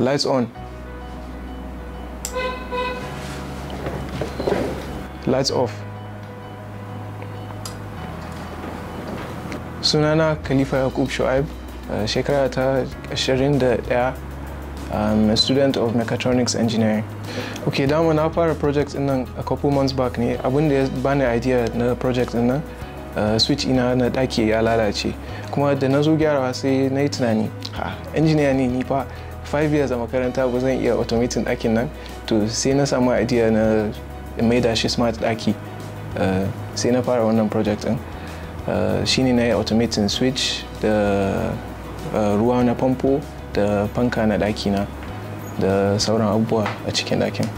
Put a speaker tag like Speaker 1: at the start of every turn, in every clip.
Speaker 1: lights on lights off sunana khalifa yakub Shoaib, uh, shekara ta da ɗaya um, a student of mechatronics engineering. Okay, dama na fara project din nan a couple months back ne abin da ya bani idea na project in nan uh, switch ina na daki ya lalace kuma da na zo gyarawa sai na yi tunani ha engineer ne ni fa 5 years a makaranta ba zan iya automating ɗakin nan to sai na samu idea na maida shi smart ɗaki eh, sai na fara wannan project ɗin eh, shine na yi automating switch da eh, ruwa na famfo da fanka na ɗakina da sauran abubuwa a cikin ɗakin.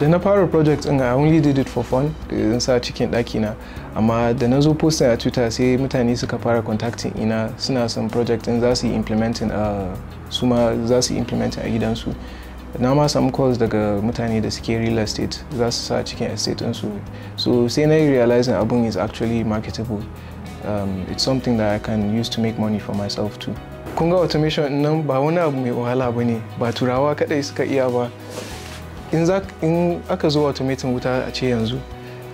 Speaker 1: da na fara project in i only did it for fun in sa cikin ɗaki na amma da na zo posting a twitter sai mutane suka fara contacting ina suna son project in za su yi implementing a su ma za su implementing a gidansu na ma samu calls daga mutane da suke real estate za su sa cikin estate su so sai na realizing abun is actually marketable um, it's something that i can use to make money for myself too kun ga automation nan ba wani abu mai wahala ba ne ba turawa kadai suka iya ba in aka zo automating wuta a ce yanzu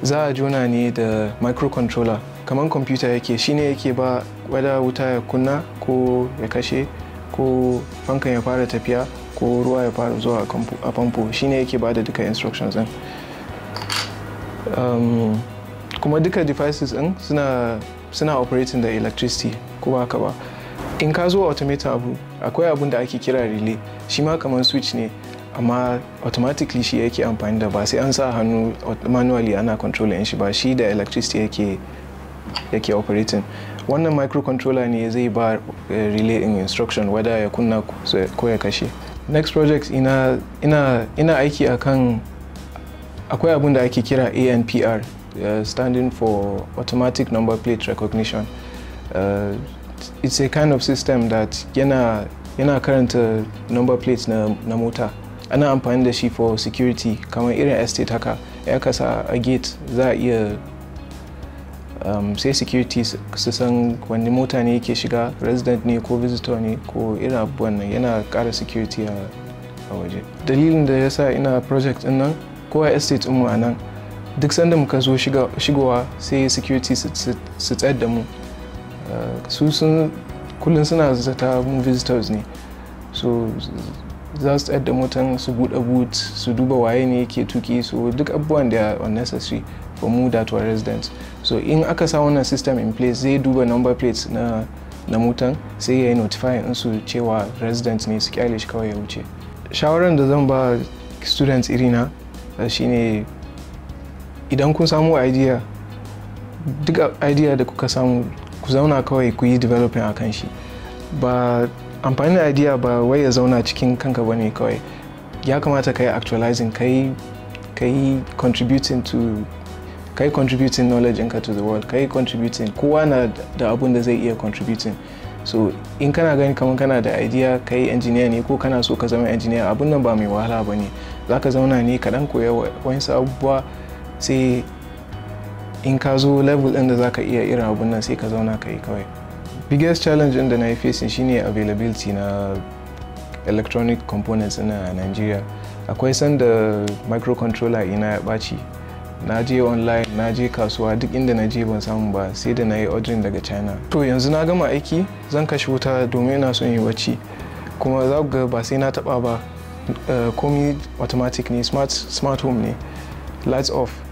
Speaker 1: za a jona ne da microcontroller kamar kwamfuta yake shine yake ba wada wuta ya kunna ko ya kashe ko fankan ya fara tafiya ko ruwa ya fara zuwa a famfo shine yake ba da duka instructions din um, kuma duka devices din suna suna operating da electricity ko ba haka ba in ka zo automata abu akwai abun da ake kira relay shi ma kamar switch ne amma automatically shi yake amfani da ba sai an sa hannu manually ana controlling shi ba shi da electricity yake yake operating wannan microcontroller ne zai ba eh, relay in instruction whether ya kunna ko ya kashe next project ina, ina, ina aiki akan akwai abin da ake kira anpr eh, standing for automatic number plate recognition uh, it's a kind of system that yana, yana karanta number plates na, na mota ana amfani da shi for security kamar irin estate haka ya kasa a gate za a iya um, sai security su san wani mota ne yake shiga resident ne ko visitor ne ko irin abubuwan nan yana kara security a waje dalilin da ya sa ina project din nan ko a estate mu a nan duk sanda muka zo shigowa sai security su tsayar da mu uh, su sun kullum suna zata mu visitors ne so za su da motan su buɗe boot su duba waye ne yake tuki so duk abubuwan da unnecessary for mu that were residents so in aka sa wannan system in place zai duba number plates na na motan sai ya yi notify in su cewa resident ne su kyale shi kawai ya wuce shawaran da zan ba students irina eh, shine idan kun samu idea duk idea da kuka samu ku zauna kawai ku yi developing kan shi ba amfani da idea ba wai ya zauna cikin kanka bane kawai ya kamata ka yi actualizing ka yi contributing to ka yi contributing knowledge to the world ka yi contributing kowa na da abun da zai iya contributing so in kana gani kamar kana da idea ka yi engineer ne ko kana so ka zama engineer abun nan ba mai wahala ba ne za ka zauna ne ka koya wani abubuwa sai in ka zo level ɗin da za ka iya irin abun nan sai ka zauna ka yi kawai biggest challenge in da na yi facing shine availability na electronic components a Nigeria akwai sanda microcontroller ina ya ɓaci na je online na je kasuwa duk inda na je ban samu ba sai da na yi ordering daga china to yanzu na gama aiki zan kashe wuta domin ina son yi bacci kuma za ga ba sai na taba ba eh, komi automatic ne smart home ne lights off